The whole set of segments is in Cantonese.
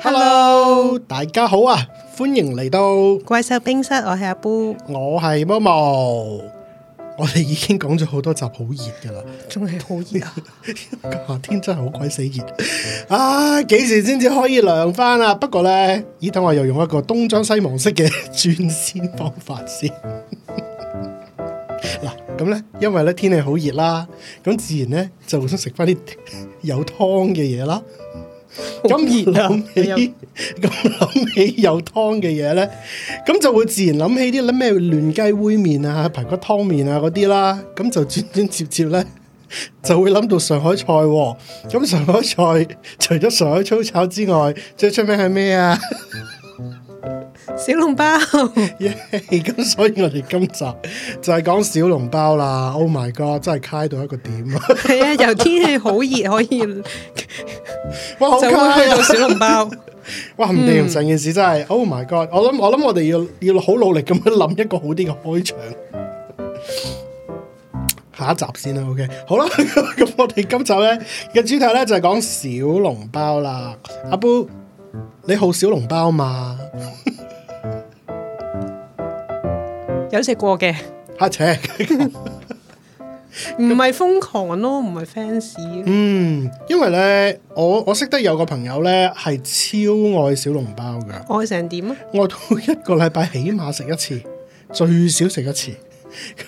Hello，, Hello. 大家好啊！歡迎嚟到怪獸冰室，我係阿 Boo，我係 Momo 我哋已經講咗好多集好熱㗎喇，仲係好熱，夏、啊、 天真係好鬼死熱 啊！幾時先至可以涼翻啊？不過呢，咦，等我又用一個東張西望式嘅轉鮮方法先。嗱， 咁呢，因為呢天氣好熱啦，咁自然呢就會想食翻啲有湯嘅嘢啦。咁而諗起，咁諗 了 起有湯嘅嘢咧，咁就會自然諗起啲諗咩亂雞煨麵啊、排骨湯麵啊嗰啲啦，咁就轉轉接接咧，就會諗到上海菜哦。咁上海菜除咗上海粗炒之外，最出名係咩啊？ 小籠包，咁 Yeah, 所以我哋今集就係講小籠包啦。Oh my god，真係開到一個點啊！係 啊，由天氣好熱，可以哇，就會去到小籠包。 哇，唔掂，嗯，成件事真係。Oh my god，我諗我諗，我哋要要好努力咁樣諗一個好啲嘅開場。 下一集先啦。OK，好啦，咁 我哋今集咧嘅主題咧就係講小籠包啦。阿 Bo，你好小籠包嘛？ 有食過嘅，黑赤，唔係瘋狂咯，唔係 fans。嗯，因為呢，我我識得有個朋友呢，係超愛小籠包㗎，愛成點啊？愛到一個禮拜起碼食一次， 最少食一次，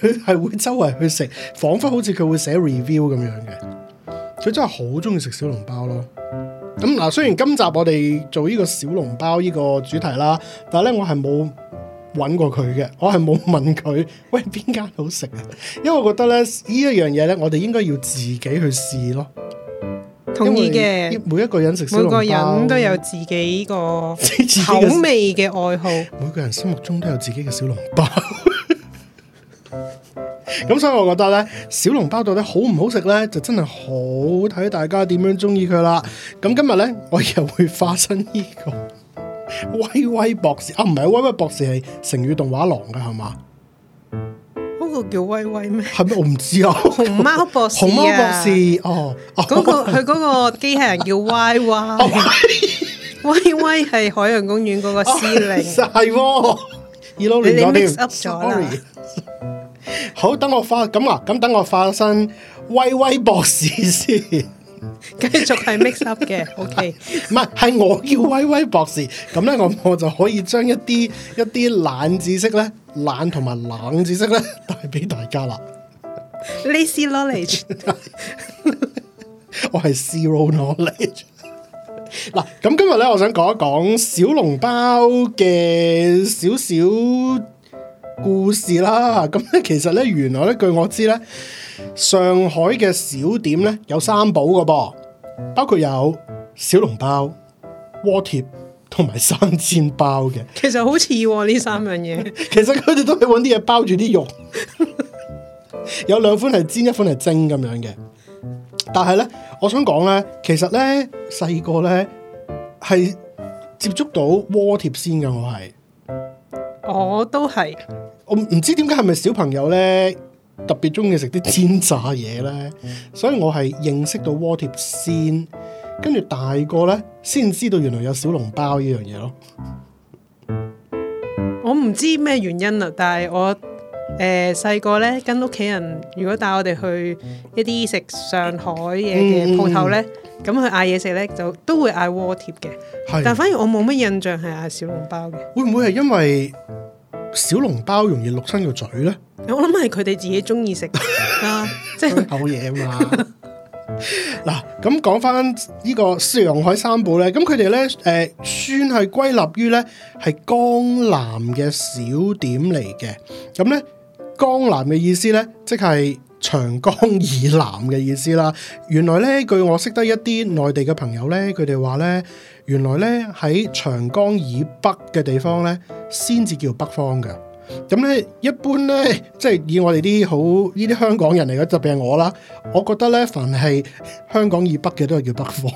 佢係會周圍去食，彷彿好似佢會寫 review 咁樣嘅。佢真係好中意食小籠包咯。咁嗱，雖然今集我哋做呢個小籠包呢個主題啦，但係呢，我係冇揾過佢嘅，我係冇問佢，喂，邊間好食啊？因為我覺得呢，呢一樣嘢呢，我哋應該要自己去試咯。同意嘅，每一個人，每個人都有自己個口味嘅愛好， 每個人心目中都有自己嘅小籠包。咁 所以我覺得呢，小籠包到底好唔好食呢？就真係好睇大家點樣中意佢啦。咁今日呢，我又會發生呢、這個。威威博士啊，唔係威威博士，係成語動畫廊噶係嘛？嗰個叫威威咩？係咩？我唔知啊。熊貓博士，熊貓博士，哦，嗰、哦，那個佢嗰個機械人叫威威。哦，威威係海洋公園嗰個司令。哦，係喎。你你 mix up 咗啦。Sorry, 了好，等我化咁啊，咁等我化身威威博士先。繼續係 mix up 嘅，OK，唔係係我叫威威博士，咁咧 我我就可以將一啲一啲懶知識咧，懶同埋冷知識咧，帶俾大家啦。Lazy knowledge， 我係 zero knowledge。嗱，咁今日咧，我想講一講小籠包嘅少少，故事啦，咁咧其實咧，原來咧據我知咧，上海嘅小點咧有三寶嘅噃，包括有小籠包、鍋貼同埋生煎包嘅。其實好似喎，呢三樣嘢， 其實佢哋都係搵啲嘢包住啲肉， 有兩款係煎，一款係蒸咁樣嘅。但係咧，我想講咧，其實咧細個咧係接觸到鍋貼先嘅，我係，我都係。我唔知點解係咪小朋友咧特別中意食啲煎炸嘢咧？嗯、所以我係認識到鍋貼先，跟住大個咧先知道原來有小籠包呢樣嘢咯。我唔知咩原因啦，但係我誒細個咧跟屋企人，如果帶我哋去一啲食上海嘢嘅鋪頭咧，咁佢嗌嘢食咧就都會嗌鍋貼嘅，是但反而我冇乜印象係嗌小籠包嘅。會唔會係因為？小籠包容易淥親個嘴呢？我諗係佢哋自己中意食啦，即係口嘢嘛。嗱、 啊、咁、嗯、講翻呢個上海三寶、嗯、呢，咁佢哋呢，誒，算係歸納於呢係江南嘅小點嚟嘅。咁、嗯、呢，江南嘅意思呢，即係長江以南嘅意思啦。原來呢，據我識得一啲內地嘅朋友呢，佢哋話呢。原來咧喺長江以北嘅地方咧，先至叫北方嘅。咁咧一般咧，即係以我哋啲好呢啲香港人嚟嘅，特別係我啦，我覺得咧，凡係香港以北嘅都係叫北方。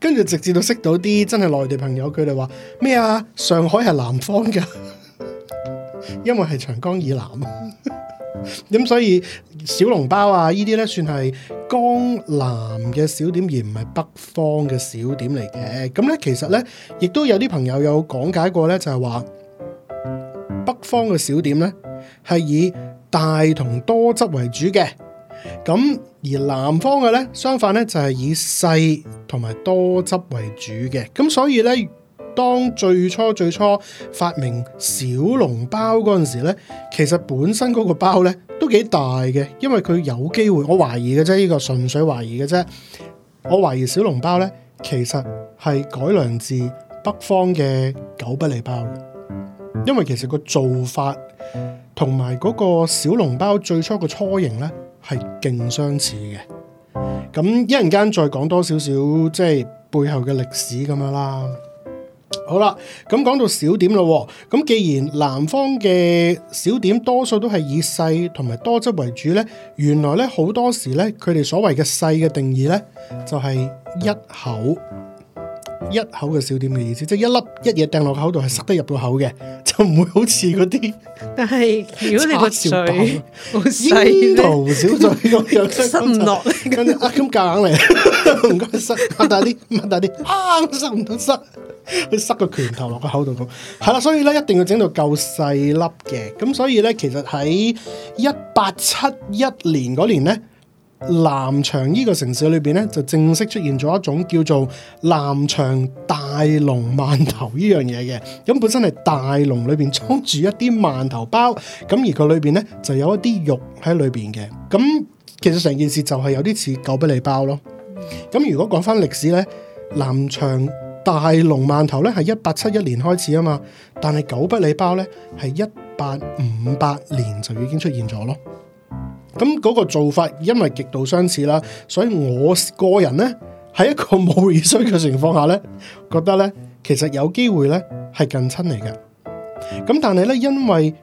跟 住直至到識到啲真係內地朋友，佢哋話咩啊？上海係南方㗎。 因為係長江以南、 嗯，咁所以小籠包啊，呢啲咧算係江南嘅小點，而唔係北方嘅小點嚟嘅。咁、嗯、咧，其實咧，亦都有啲朋友有講解過咧，就係、是、話北方嘅小點咧係以大同多汁為主嘅，咁、嗯、而南方嘅咧相反咧就係、是、以細同埋多汁為主嘅。咁、嗯、所以咧。當最初最初發明小籠包嗰陣時咧，其實本身嗰個包咧都幾大嘅，因為佢有機會，我懷疑嘅啫，呢個純粹懷疑嘅啫。我懷疑小籠包咧，其實係改良自北方嘅狗不理包嘅，因為其實個做法同埋嗰個小籠包最初個雛形咧係勁相似嘅。咁一陣間再講多少少即係背後嘅歷史咁樣啦。好啦，咁講到小點咯，咁既然南方嘅小點多數都係以細同埋多汁為主咧，原來咧好多時咧佢哋所謂嘅細嘅定義咧，就係一口一口嘅小點嘅意思，即係一粒一嘢掟落口度係塞得入到口嘅，就唔會好似嗰啲。但係如果你個水櫻桃小嘴咁樣塞唔落，咁夾硬嚟，唔該塞，擘大啲，擘大啲，啊，塞唔到塞。佢 塞個拳頭落個口度咁，係啦，所以咧一定要整到夠細粒嘅，咁所以咧其實喺一八七一年嗰年咧，南翔呢個城市裏邊咧就正式出現咗一種叫做南翔大籠饅頭呢樣嘢嘅，咁 本身係大籠裏邊裝住一啲饅頭包，咁而佢裏邊咧就有一啲肉喺裏邊嘅，咁 其實成件事就係有啲似狗不理包咯，咁 如果講翻歷史咧，南翔。大龍饅頭咧，係一八七一年開始啊嘛，但係狗不理包咧，係一八五八年就已經出現咗咯。咁嗰個做法因為極度相似啦，所以我個人咧喺一個冇耳衰嘅情況下咧，覺得咧其實有機會咧係近親嚟嘅。咁但係咧因為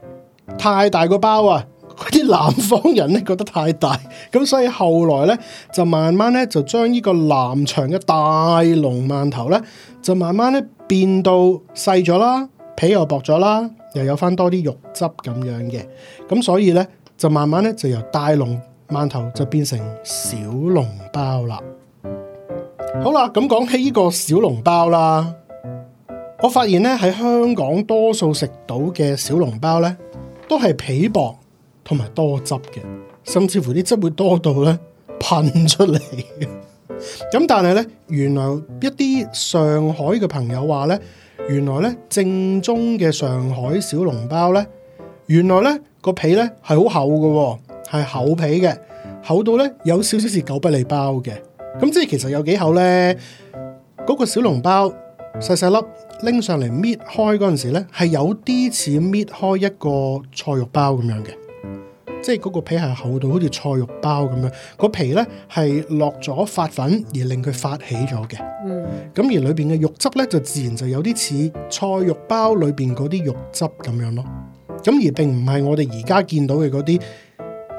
太大個包啊！啲南方人咧覺得太大，咁所以後來咧就慢慢咧就將呢個南翔嘅大籠饅頭咧，就慢慢咧變到細咗啦，皮又薄咗啦，又有翻多啲肉汁咁樣嘅，咁所以咧就慢慢咧就由大籠饅頭就變成小籠包啦。好啦，咁講起呢個小籠包啦，我發現咧喺香港多數食到嘅小籠包咧都係皮薄，同埋多汁嘅，甚至乎啲汁會多到咧噴出嚟嘅。咁 但係咧，原來一啲上海嘅朋友話咧，原來咧正宗嘅上海小籠包咧，原來咧個皮咧係好厚嘅，係厚皮嘅，厚到咧有少少似狗不理包嘅。咁即係其實有幾厚咧？嗰個小籠包細細粒拎上嚟搣開嗰陣時咧，係有啲似搣開一個菜肉包咁樣嘅。即係嗰個皮係厚到好似菜肉包咁樣，個皮咧係落咗發粉而令佢發起咗嘅。嗯，咁而裏邊嘅肉汁咧就自然就有啲似菜肉包裏邊嗰啲肉汁咁樣咯。咁而並唔係我哋而家見到嘅嗰啲。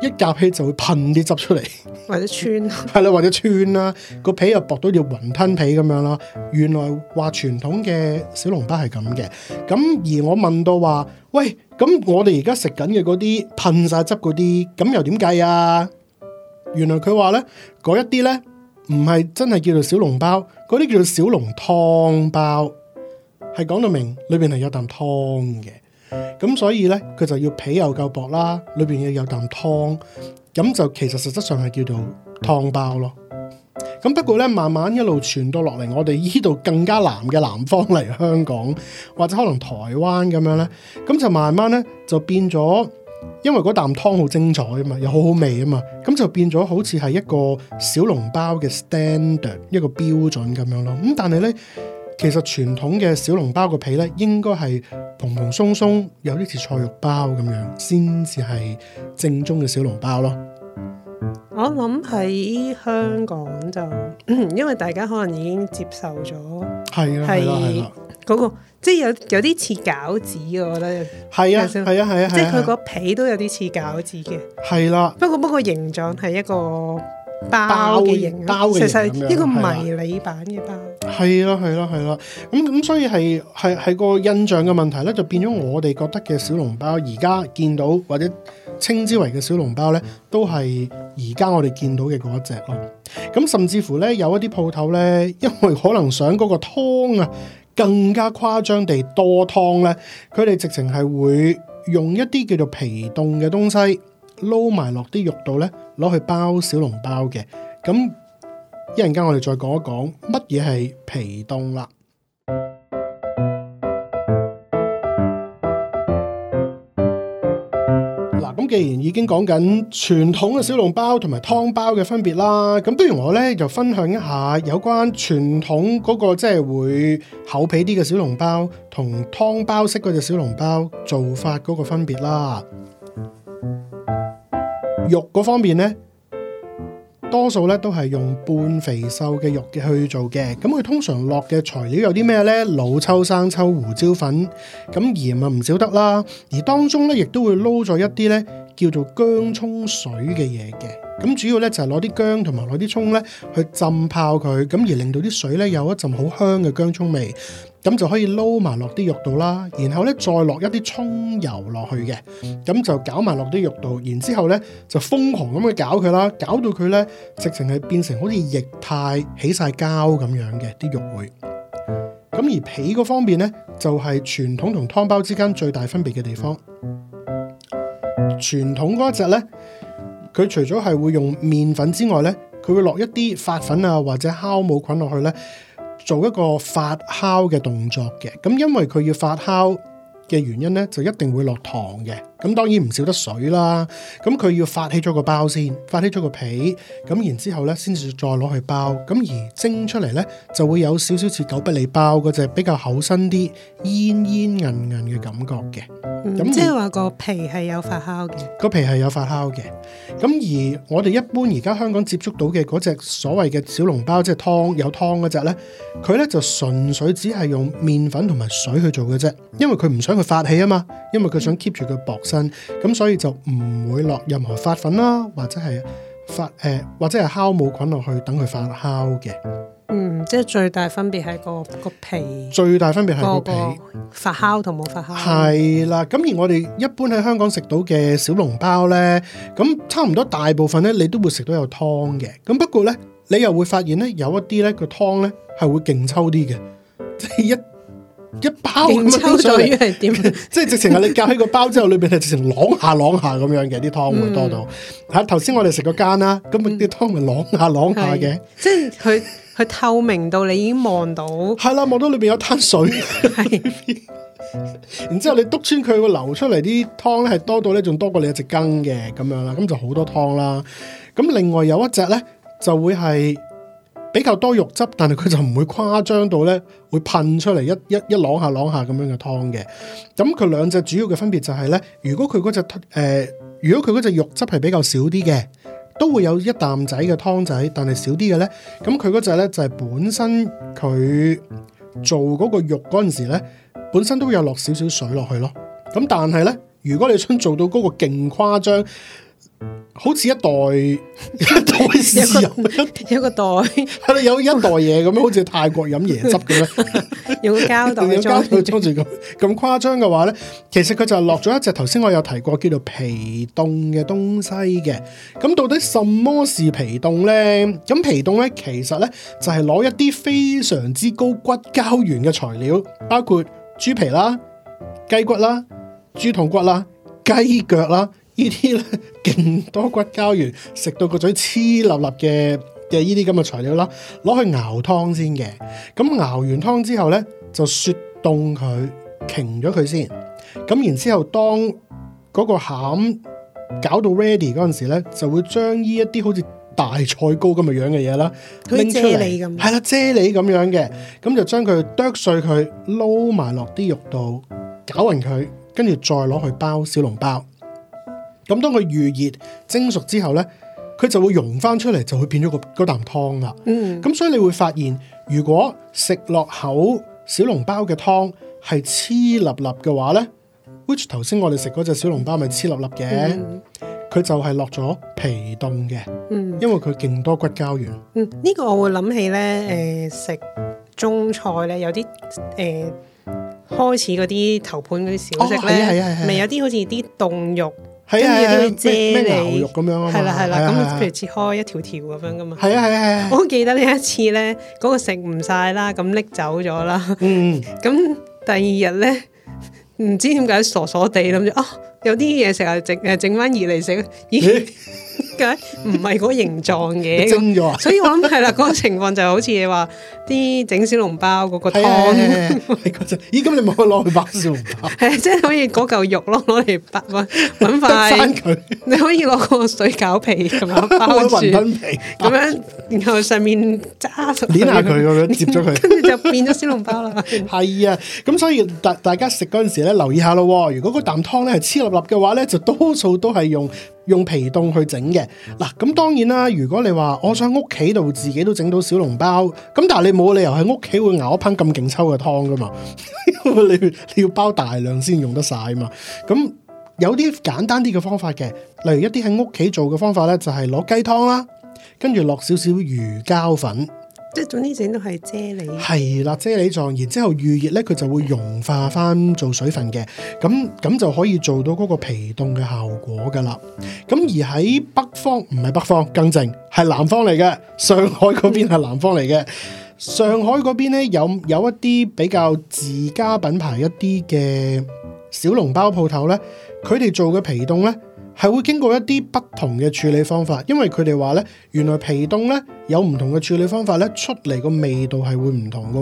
一夾起就會噴啲汁出嚟、啊， 或者穿、啊，係啦，或者穿啦，個皮又薄到要雲吞皮咁樣啦、啊。原來話傳統嘅小籠包係咁嘅，咁而我問到話，喂，咁我哋而家食緊嘅嗰啲噴晒汁嗰啲，咁又點計啊？原來佢話咧，嗰一啲咧唔係真係叫做小籠包，嗰啲叫做小籠湯包，係講到明裏面，裏邊係有啖湯嘅。咁所以咧，佢就要皮又夠薄啦，裏邊要有啖湯，咁就其實實質上係叫做湯包咯。咁不過咧，慢慢一路傳到落嚟，我哋依度更加南嘅南方，嚟香港或者可能台灣咁樣咧，咁就慢慢咧就變咗，因為嗰啖湯好精彩啊嘛，又好好味啊嘛，咁就變咗好似係一個小籠包嘅 standard 一個標準咁樣咯。咁、嗯、但係咧。其實傳統嘅小籠包個皮咧，應該係蓬蓬鬆鬆，有啲似菜肉包咁樣，先至係正宗嘅小籠包咯。我諗喺香港就，因為大家可能已經接受咗，係啦係啦，嗰個即係有有啲似餃子，我覺得係啊係啊係啊，啊啊即係佢個皮都有啲似餃子嘅，係啦、啊。不過不過形狀係一個。包嘅型，其實呢樣個迷你版嘅包，係啦係啦係啦，咁咁、啊啊啊、所以係係係個印象嘅問題咧，就變咗我哋覺得嘅小籠包，而家見到或者稱之為嘅小籠包咧，都係而家我哋見到嘅嗰一隻咯。咁甚至乎咧，有一啲鋪頭咧，因為可能想嗰個湯啊更加誇張地多湯咧，佢哋直情係會用一啲叫做皮凍嘅東西。撈埋落啲肉度咧，攞去包小籠包嘅。咁一陣間我哋再講一講乜嘢係皮凍啦。嗱，咁 既然已經講緊傳統嘅小籠包同埋湯包嘅分別啦，咁不如我咧就分享一下有關傳統嗰個即係會厚皮啲嘅小籠包同湯包式嗰隻小籠包做法嗰個分別啦。肉嗰方面呢，多數呢都係用半肥瘦嘅肉嘅去做嘅。咁佢通常落嘅材料有啲咩呢？老抽、生抽、胡椒粉，咁鹽啊唔少得啦。而當中呢，亦都會撈咗一啲呢叫做薑蔥水嘅嘢嘅。咁主要呢，就係攞啲薑同埋攞啲蔥呢去浸泡佢，咁而令到啲水呢有一陣好香嘅薑蔥味。咁就可以撈埋落啲肉度啦，然後咧再落一啲葱油落去嘅，咁就攪埋落啲肉度，然之後咧就瘋狂咁去攪佢啦，攪到佢咧直情係變成好似液態起晒膠咁樣嘅啲肉會。咁而皮嗰方面咧，就係傳統同湯包之間最大分別嘅地方。傳統嗰隻咧，佢除咗係會用麵粉之外咧，佢會落一啲發粉啊或者酵母菌落去咧，做一個發酵嘅動作嘅，咁因為佢要發酵嘅原因咧，就一定會落糖嘅。咁當然唔少得水啦，咁佢要發起咗個包先，發起咗個皮，咁然之後咧，先至再攞去包。咁而蒸出嚟咧，就會有少少似狗不理包嗰隻比較厚身啲、煙煙韌韌嘅感覺嘅。咁、嗯、樣即係話個皮係有發酵嘅，個皮係有發酵嘅。咁而我哋一般而家香港接觸到嘅嗰隻所謂嘅小籠包，即係湯有湯嗰隻咧，佢咧就純粹只係用麵粉同埋水去做嘅啫，因為佢唔想佢發起啊嘛，因為佢想 keep 住佢薄。咁所以就唔會落任何發粉啦，或者係發誒、呃，或者係酵母菌落去等佢發酵嘅。嗯，即係最大分別係、個個皮，最大分別係個皮發酵同冇發酵。係啦，咁而我哋一般喺香港食到嘅小籠包咧，咁差唔多大部分咧，你都會食到有湯嘅。咁不過咧，你又會發現咧，有一啲咧個湯咧係會勁抽啲嘅。即係、一一包咁樣湯水係點嘅？ 即係直情係你夾起個包之後，裏邊係直情朗下朗下咁樣嘅啲湯會多到吓。頭先、嗯、我哋食嗰間啦，咁啊啲湯咪朗下朗下嘅。即係佢佢透明到你已經望到係啦，望 到裏邊有攤水。是 然之後你篤穿佢會流出嚟啲湯咧，係多到咧仲多過你一隻羹嘅咁樣啦，咁就好多湯啦。咁另外有一隻咧就會係。比較多肉汁，但係佢就唔會誇張到咧，會噴出嚟，一一一晾下晾下咁樣嘅湯嘅。咁佢兩隻主要嘅分別就係咧，如果佢嗰隻，誒、呃，如果佢嗰隻肉汁係比較少啲嘅，都會有一啖仔嘅湯仔，但係少啲嘅咧，咁佢嗰隻咧就係、是、本身佢做嗰個肉嗰陣時咧，本身都有落少少水落去咯。咁但係咧，如果你想做到嗰、那個勁誇張。好似一袋一袋豉油， 有個袋，係啊，有一袋嘢咁樣，好似泰國飲椰汁咁樣， 用膠袋有膠袋裝住咁咁誇張嘅話咧，其實佢就落咗一隻頭先我有提過叫做皮凍嘅東西嘅。咁到底什麼是皮凍咧？咁皮凍咧，其實咧就係攞一啲非常之高骨膠原嘅材料，包括豬皮啦、雞骨啦、豬筒骨啦、雞腳啦。呢啲咧勁多骨膠原，食到個嘴黐笠笠嘅嘅依啲咁嘅材料啦，攞去熬湯先嘅。咁、嗯、熬完湯之後咧，就雪凍佢，瓊咗佢先。咁、嗯、然之後，當嗰個餡搞到 ready 嗰陣時咧，就會將呢一啲好似大菜糕咁嘅樣嘅嘢啦，好似啫喱咁，拎出嚟，係、嗯、啦，啫喱咁樣嘅，咁就將佢剁碎佢，撈埋落啲肉度，攪勻佢，跟住再攞去包小籠包。咁當佢預熱蒸熟之後呢，佢就會溶翻出嚟，就會變咗個嗰啖湯啦。嗯，咁所以你會發現，如果食落口小籠包嘅湯係黐粒粒嘅話呢，which 頭先我哋食嗰隻小籠包咪黐粒粒嘅，佢就係落咗皮凍嘅。嗯，嗯因為佢勁多骨膠原。嗯，呢、這個我會諗起呢，誒、呃、食中菜呢，有啲誒、呃、開始嗰啲頭盤嗰啲小食咧，係啊咪有啲好似啲凍肉。跟住呢個遮你，牛肉咁樣啊？係啦係啦，咁譬如切開、啊、一條條咁樣噶嘛。係啊係啊，啊我記得呢一次咧，嗰、嗰個食唔晒啦，咁拎走咗啦。嗯，咁 第二日咧，唔知點解傻傻地諗住啊？有啲嘢成日整誒整翻二嚟食，咦？解唔係個形狀嘅，所以我諗係啦，嗰個情況就好似話啲整小籠包嗰個湯咧。咦？咁你冇得攞去包小籠包？係即係可以嗰嚿肉攞攞嚟包揾塊，你可以攞個水餃皮咁樣包住，雲吞皮咁樣，然後上面揸住，捏下佢咁樣接咗佢，跟住就變咗小籠包啦。係啊，咁所以大大家食嗰陣時咧，留意下咯。如果個啖湯咧係黐立嘅話咧，就多數都係用用皮凍去整嘅。嗱、啊，咁當然啦，如果你話我想屋企度自己都整到小籠包，咁但係你冇理由喺屋企會熬一烹咁勁抽嘅湯噶嘛。 你你要包大量先用得晒嘛。咁有啲簡單啲嘅方法嘅，例如一啲喺屋企做嘅方法咧，就係攞雞湯啦，跟住落少少魚膠粉。即係總之整到係啫喱，係啦，啫喱狀，然之後預熱咧，佢就會融化返做水分嘅，咁咁就可以做到嗰個皮凍嘅效果噶啦。咁而喺北方，唔係北方，更正，係南方嚟嘅，上海嗰邊係南方嚟嘅。嗯、上海嗰邊咧有有一啲比較自家品牌一啲嘅小籠包鋪頭咧，佢哋做嘅皮凍咧，係會經過一啲不同嘅處理方法，因為佢哋話咧，原來皮凍咧有唔同嘅處理方法咧，出嚟個味道係會唔同㗎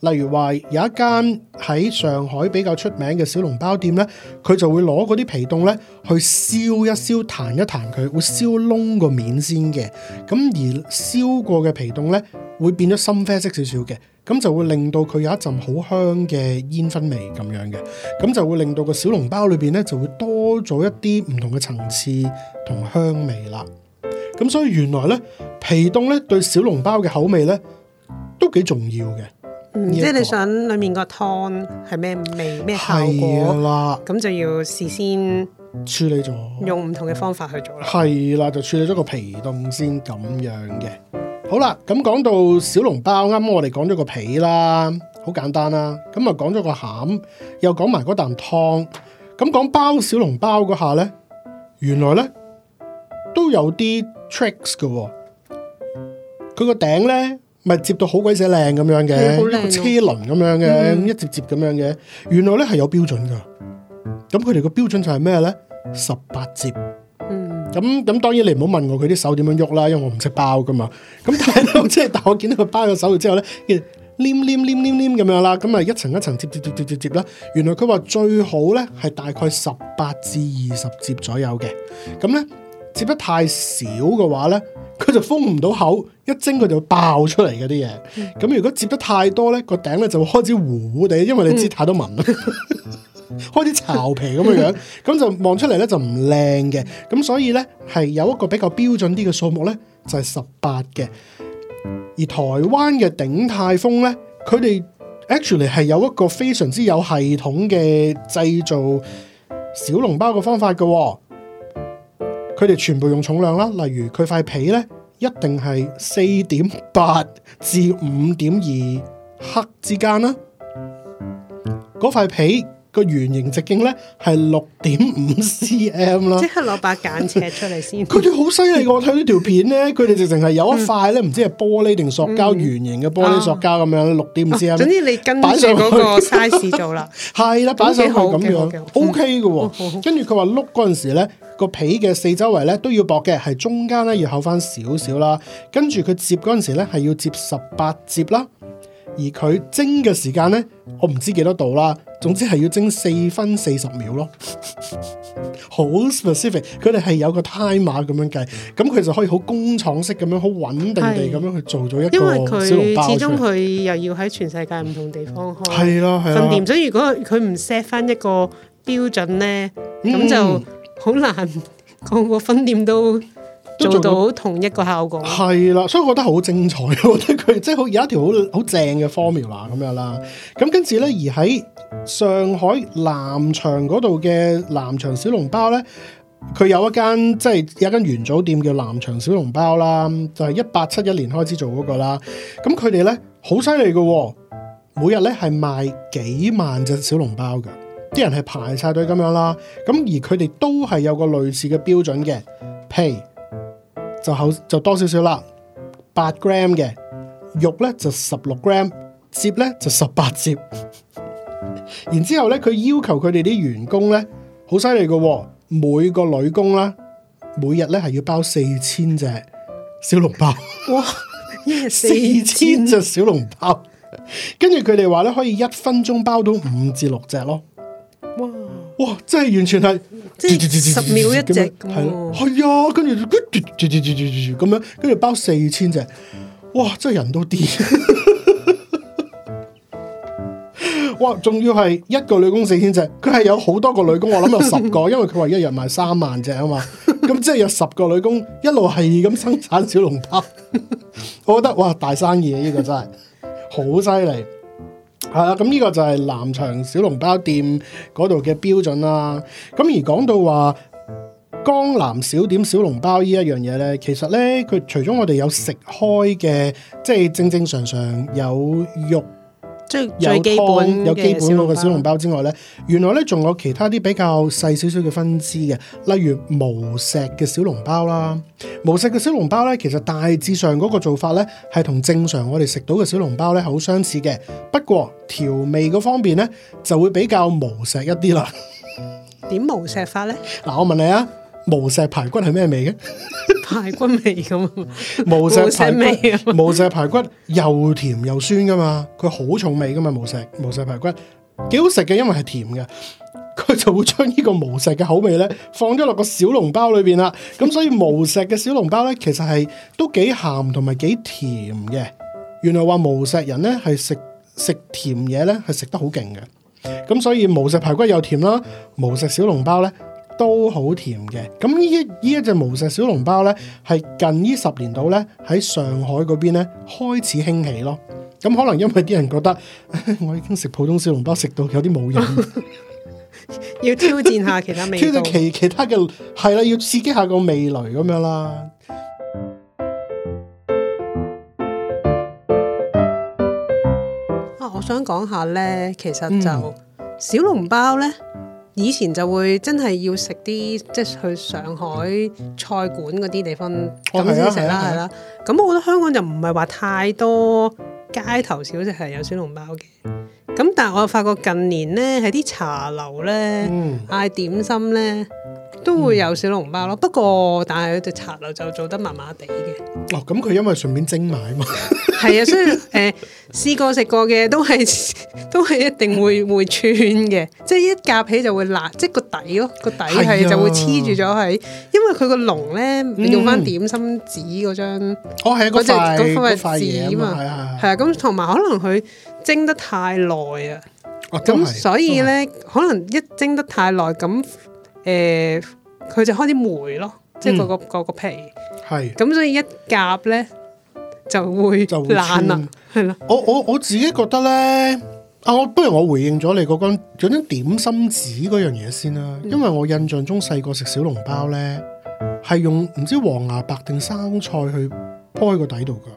喎。例如話有一間喺上海比較出名嘅小籠包店咧，佢就會攞嗰啲皮凍咧去燒一燒，彈一彈佢，會燒燶個面先嘅。咁而燒過嘅皮凍咧會變咗深啡色少少嘅。咁就會令到佢有一陣好香嘅煙熏味咁樣嘅，咁就會令到個小籠包裏邊咧就會多咗一啲唔同嘅層次同香味啦。咁所以原來咧皮凍咧對小籠包嘅口味咧都幾重要嘅。這個、即係你想裡面個湯係咩味咩效果啦？咁的就要事先處理咗，用唔同嘅方法去做啦。係啦，就處理咗個皮凍先咁樣嘅。好啦，咁、嗯、講到小籠包，啱、嗯、啱我哋講咗個皮啦，好簡單啦，咁啊講咗個餡，又講埋嗰啖湯，咁、嗯、講包小籠包嗰下咧，原來咧都有啲 tricks 噶、哦，佢個頂咧咪接到好鬼死靚咁樣嘅，一個車輪咁樣嘅，咁一接接咁樣嘅，原來咧係有標準噶，咁佢哋個標準就係咩咧？十八折。咁咁當然你唔好問我佢啲手點樣喐啦，因為我唔識包㗎嘛。咁但係即係，但我見到佢包咗手之後咧，黏黏黏黏黏咁樣啦。咁啊，一層一層接接接接接啦。原來佢話最好咧係大概十八至二十摺左右嘅。咁咧，摺得太少嘅話咧，佢就封唔到口，一蒸佢就會爆出嚟嘅啲嘢。咁如果摺得太多咧，個頂咧就會開始糊糊地，因為你知太多紋。開啲 巢皮咁嘅樣，咁 就望出嚟咧就唔靚嘅，咁所以咧係有一個比較標準啲嘅數目咧就係十八嘅，而台灣嘅鼎泰豐咧，佢哋 actually 係有一個非常之有系統嘅製造小籠包嘅方法嘅。哦，佢哋全部用重量啦，例如佢塊皮咧一定係四點八至五點二克之間啦，嗰塊皮。個圓形直徑咧係六點五 cm 啦，即刻攞把間尺出嚟先。佢哋好犀利嘅，我睇呢條片咧，佢哋直情係有一塊咧，唔知係玻璃定塑膠圓形嘅玻璃塑膠咁樣六點五 cm。總之你跟住嗰個 size 做啦，係啦，擺上去咁樣 OK 嘅喎。跟住佢話碌嗰陣時咧，個皮嘅四周圍咧都要薄嘅，係中間咧要厚返少少啦。跟住佢折嗰陣時咧，係要折十八折啦。而佢蒸嘅時間咧，我唔知幾多度啦。總之係要蒸四分四十秒咯，好 specific，佢哋係有個 time 碼咁樣計，咁佢、嗯、就可以好工廠式咁樣好穩定地咁樣去做咗一個小籠包。因為佢始終佢又要喺全世界唔同地方開，係囉係囉。分店、啊啊、所以如果佢唔 set 翻一個標準咧，咁、嗯、就好難個個分店都。都做，做到同一個效果係啦，所以我覺得好精彩。我 覺得佢即係好有一條好好正嘅 formula 咁樣啦。咁跟住咧，而喺上海南翔嗰度嘅南翔小籠包咧，佢有一間即係有一間元祖店叫南翔小籠包啦，就係一八七一年開始做嗰個啦。咁佢哋咧，好犀利嘅，每日咧係賣幾萬隻小籠包嘅，啲人係排晒隊咁樣啦。咁而佢哋都係有個類似嘅標準嘅 p 就厚就多少少啦，八 gram 嘅肉咧就十六 gram，折咧就十八折。 然之後咧，佢要求佢哋啲員工咧，好犀利嘅，每個女工啦，每日咧係要包四千隻小籠包， 哇，四千 隻小籠包，跟住佢哋話咧可以一分鐘包到五至六隻咯，哇！哇！真係完全係十秒一隻，係咯樣，係樣啊，跟住咁樣，跟住包四千隻。哇！真係人都癲。 哇！仲要係一個女工四千隻，佢係有好多個女工，我諗有十個， 因為佢話一人賣三萬隻啊 嘛。咁即係有十個女工一路係咁生產小籠包。 我覺得哇，大生意呢，啊這個真係好犀利。 係啦，咁呢個就係南翔小籠包店嗰度嘅標準啦。咁而講到話江南小點小籠包呢一樣嘢咧，其實咧，佢除咗我哋有食開嘅，即係正正常常有肉。即係有基本嘅小籠包之外咧，原來咧仲有其他啲比較細少少嘅分支嘅，例如無錫嘅小籠包啦。嗯、無錫嘅小籠包咧，其實大致上嗰個做法咧係同正常我哋食到嘅小籠包咧好相似嘅，不過調味個方面咧就會比較無錫一啲啦。點無錫法咧？嗱， 我問你啊！無錫排骨係咩味嘅？排骨味咁啊！無錫排骨，無錫排骨又甜又酸噶嘛，佢好重味噶嘛。無錫無錫排骨幾好食嘅，因為係甜嘅。佢就會將呢個無錫嘅口味咧放咗落個小籠包裏邊啦。咁所以無錫嘅小籠包咧，其實係都幾鹹同埋幾甜嘅。原來話無錫人咧係食食甜嘢咧係食得好勁嘅。咁所以無錫排骨又甜啦，無錫小籠包咧。都好甜嘅，咁呢一呢一隻無錫小籠包呢，係近呢十年度呢，喺上海嗰邊呢開始興起咯。咁可能因為啲人覺得、哎、我已經食普通小籠包食到有啲冇癮， 要挑戰下其他味， 挑戰其其，其他嘅係啦，要刺激下個味蕾咁樣啦。啊，我想講下呢，其實就、嗯、小籠包呢。以前就會真係要食啲，即係去上海菜館嗰啲地方，咁先食啦，係啦。咁我覺得香港就唔係話太多街頭小食，係有小籠包嘅。咁但係我發覺近年咧，喺啲茶樓咧嗌點心咧，嗯都會有小籠包咯，不過但係佢隻茶樓就做得麻麻地嘅。哦，咁佢因為順便蒸埋啊嘛。係啊，所以誒試過食過嘅都係都係一定會會穿嘅，即係一夾起就會爛，即係個底咯，個底係就會黐住咗喺，因為佢個籠咧用翻點心紙嗰張，哦，係嗰塊嗰塊紙啊嘛，係啊，咁同埋可能佢蒸得太耐啊，咁所以咧可能一蒸得太耐咁。誒，佢、呃、就開啲梅咯，即係、個個個、嗯、個皮，係咁是所以一夾咧就會爛啦，係咪的？我我我自己覺得咧，啊，我不如我回應咗你嗰間嗰種點心紙嗰樣嘢先啦，嗯、因為我印象中細個食小籠包咧係用唔知黃芽白定生菜去鋪喺個底度噶，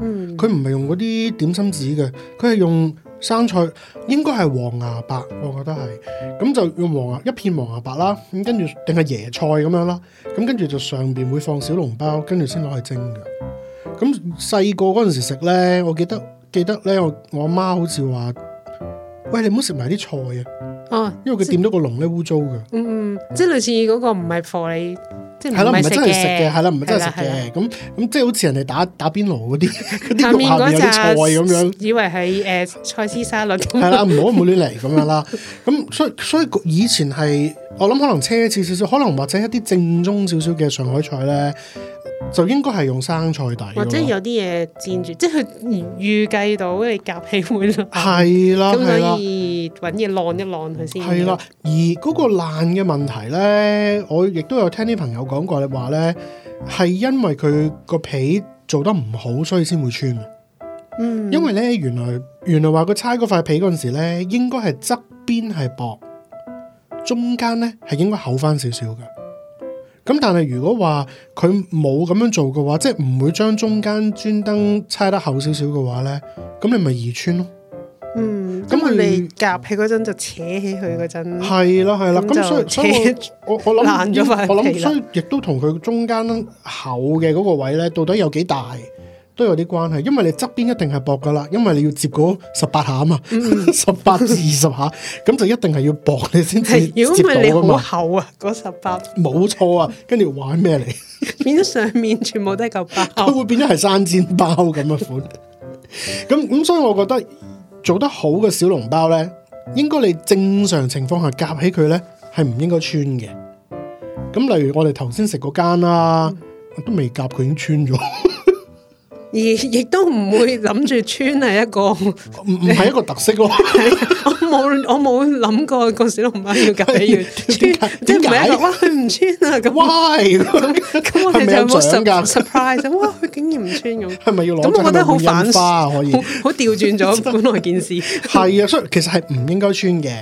嗯，佢唔係用嗰啲點心紙嘅，佢係用。生菜應該係黃芽白，我覺得係，咁就用黃芽一片黃芽白啦，咁跟住定係椰菜咁樣啦，咁跟住就上邊會放小籠包，跟住先攞去蒸嘅。咁細個嗰陣時食咧，我記得記得咧，我我阿媽好似話：喂，你唔好食埋啲菜啊！哦、啊，因為佢掂到個籠咧污糟嘅。嗯嗯，即係類似嗰個唔係貨嚟。係咯，唔係了真係食嘅，係啦了，唔係真係食嘅，咁咁即係好似人哋打打邊爐嗰啲嗰啲肉下面有啲菜咁樣，以為係誒、呃、菜絲沙律，係啦了，唔好唔好亂嚟咁樣啦，咁 所以所以以前係。我諗可能奢侈少少，可能或者一啲正宗少少嘅上海菜咧，就應該係用生菜底，或者有啲嘢墊住，即係佢預計到你夾起會爛，係啦的，咁 可以搵嘢晾一晾佢先。係啦，而嗰個爛嘅問題咧，我亦都有聽啲朋友講過你話咧，係因為佢個皮做得唔好，所以先會穿。嗯，因為咧原來原來話佢搓嗰塊皮嗰陣時咧，應該係側邊係薄。中間咧係應該厚翻少少㗎，咁但係如果話佢冇咁樣做嘅話，即係唔會將中間專登拆得厚少少嘅話咧，咁你咪移穿咯。嗯，咁我哋夾起嗰陣就扯起佢嗰陣，係啦係啦。咁、啊、所以扯 所以我我諗我諗， 所以亦都同佢中間厚嘅嗰個位咧，到底有幾大？都有啲關係，因為你側邊一定係薄㗎喇，因為你要接嗰十八下啊嘛，十八、嗯嗯、 至二十下，咁 就一定係要薄你先至接得到啊嘛，如果唔係你好厚啊，嗰十八冇錯啊，跟住 玩咩嚟？ 變咗上面全部都係嚿包，佢會變咗係生煎包咁嘅款。咁咁，所以我覺得做得好嘅小籠包咧，應該你正常情況下夾起佢咧係唔應該穿嘅。咁例如我哋頭先食嗰間啦，嗯、都未夾佢已經穿咗。而亦都唔會諗住穿係一個唔唔係一個特色咯。我冇我冇諗過個小籠包要隔咁樣穿，即係唔係哇佢唔穿啊咁 Why? 咁我哋就冇 surprise 哇！佢竟然唔穿咁，係咪要攞咁？我覺得好反差，可以好調轉咗本來件事。係啊，所以其實係唔應該穿嘅。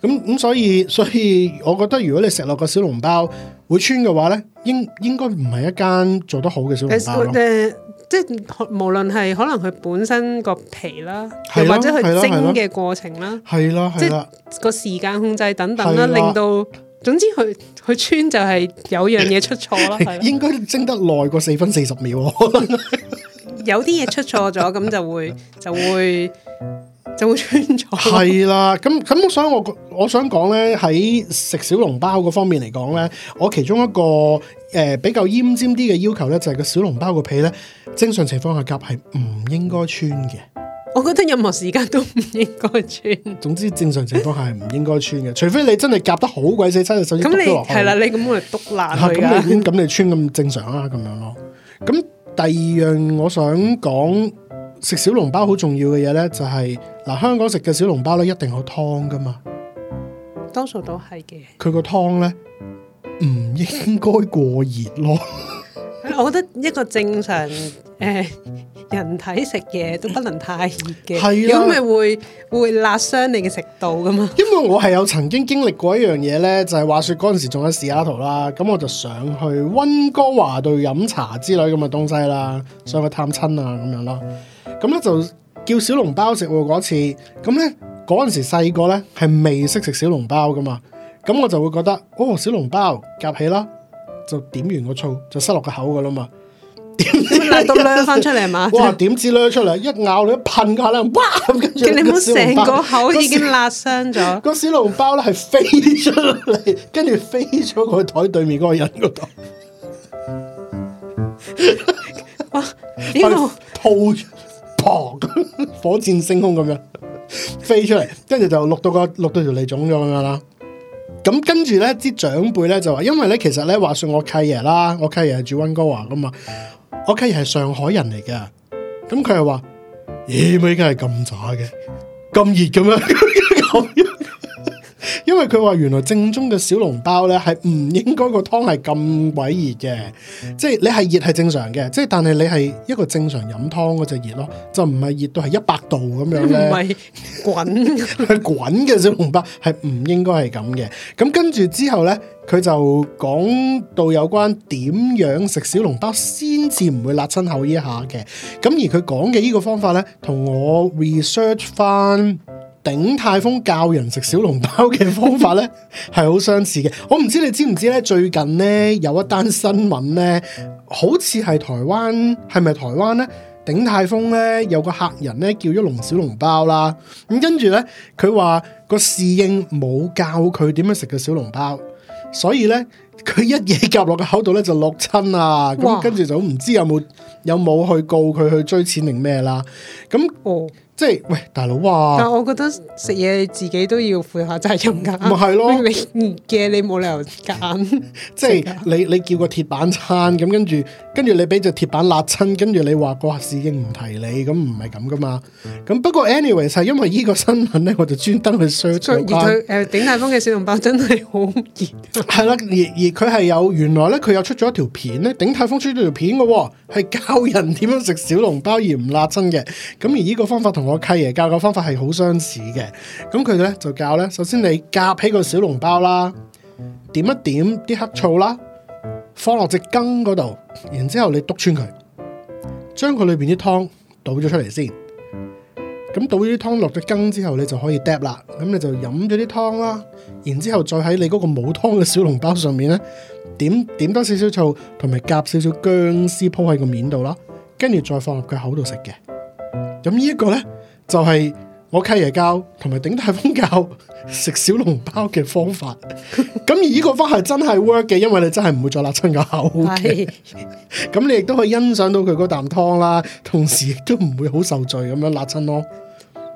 咁咁所以所以，我覺得如果你食落個小籠包會穿嘅話咧，應應該唔係一間做得好嘅小籠包。即係無論係可能佢本身個皮啦，又或者佢蒸嘅過程啦，係啦，即係個時間控制等等啦，的令到總之佢佢穿就係有樣嘢出錯囉。 的應該蒸得耐過四分四十秒， 有啲嘢出錯咗，咁就會就會。就會就會穿咗。係啦，咁咁，所以我我想講咧，喺食小籠包嗰方面嚟講咧，我其中一個誒、呃、比較醃尖啲嘅要求咧，就係、是、個小籠包個皮咧，正常情況下夾係唔應該穿嘅。我覺得任何時間都唔應該穿。總之正常情況下係唔應該穿嘅， 除非你真係夾得好鬼死，揸住手咁你係啦，你咁咪篤爛佢啊。咁你咁 你，你穿咁正常啊，咁樣咯。咁第二樣我想講。食小籠包好重要嘅嘢呢，就係嗱，香港食嘅小籠包咧，一定有湯噶嘛。多數都係嘅。佢個湯呢，唔應該過熱咯。 我覺得一個正常誒、呃、人體食嘢都不能太熱嘅，係咁咪會會辣傷你嘅食道噶嘛。 因為我係有曾經經歷過一樣嘢呢，就係、是、話說嗰陣時仲喺西雅圖啦，咁我就想去溫哥華度飲茶之類咁嘅東西啦，上去探親啊咁樣咯。咁咧就叫小籠包食嗰次，咁咧嗰陣時細個咧係未識食小籠包噶嘛，咁我就會覺得哦，小籠包夾起啦，就點完個醋就塞落個口噶啦嘛，點嚟到唌翻出嚟嘛？哇！點知唌出嚟，一咬你一噴嘅話呢哇，咁跟住個小籠包成個口已經辣傷咗，個小籠包咧係飛出嚟，跟住飛咗個台對面嗰個人度哇！呢個吐。咁 火箭升空咁樣 飛出嚟，跟住就落到個落到條脷腫咗咁樣啦。咁跟住咧，啲長輩咧就話，因為咧其實咧，話說我契爺啦，我契爺係住溫哥華噶嘛，我契爺係上海人嚟噶。咁佢係話，咦、欸，咪咁係咁渣嘅，咁熱嘅咩？ 因為佢話原來正宗嘅小籠包呢，係唔應該個湯係咁鬼熱嘅，即係你係熱係正常嘅，即係但係你係一個正常飲湯嗰隻熱咯，就唔係熱到係一百度咁樣咧，滾係滾嘅小籠包係唔應該係咁嘅。咁跟住之後呢，佢就講到有關點樣食小籠包先至唔會辣親口依下嘅。咁而佢講嘅呢個方法呢，同我 research 返。鼎泰豐教人食小籠包嘅方法呢係好相似嘅。 我唔知你知唔知呢，最近呢有一單新聞呢，好似係台灣，係咪台灣呢？鼎泰豐呢有個客人呢叫咗籠小籠包啦，咁跟住呢，佢話個侍應冇教佢點樣食個小籠包，所以呢，佢一嘢夾落個口度呢就落親啦。咁跟住就唔知有冇，有冇去告佢去追錢定咩啦？咁哦。嗯即係喂，大佬話，但我覺得食嘢，自己都要負下責任噶。咪係咯，熱嘅你冇理由揀。即係你你叫個鐵板餐，咁跟住跟住你俾隻鐵板辣親，跟住你話個侍應唔提你，咁唔係咁噶嘛？咁不過 anyway，係因為呢個新聞咧，我就專登去 search 而，佢誒，鼎、呃、泰豐嘅小籠包真係好熱。係啦，而而佢係有原來咧，佢有出咗一條片咧，鼎泰豐出咗條片噶，係教人點樣食小籠包而唔辣親嘅。咁而呢個方法同我。我契爺教嘅方法係好相似嘅，咁佢咧就教咧，首先你夾起個小籠包啦，點一點啲黑醋啦，放落隻羹嗰度，然之後你督穿佢，將佢裏邊啲湯倒咗出嚟先。咁倒啲湯落隻羹之後，你就可以嗒啦，咁你就飲咗啲湯啦，然之後再喺你嗰個冇湯嘅小籠包上面咧，點點多少少醋，同埋夾少少薑絲鋪喺個面度啦，跟住再放入佢口度食嘅，咁呢一個咧。就係我契爺教同埋鼎泰豐教食小籠包嘅方法，咁 而呢個方法真係 work 嘅，因為你真係唔會再辣親個口，咁 OK，你亦都可以欣賞到佢嗰啖湯啦，同時亦都唔會好受罪咁樣辣親咯。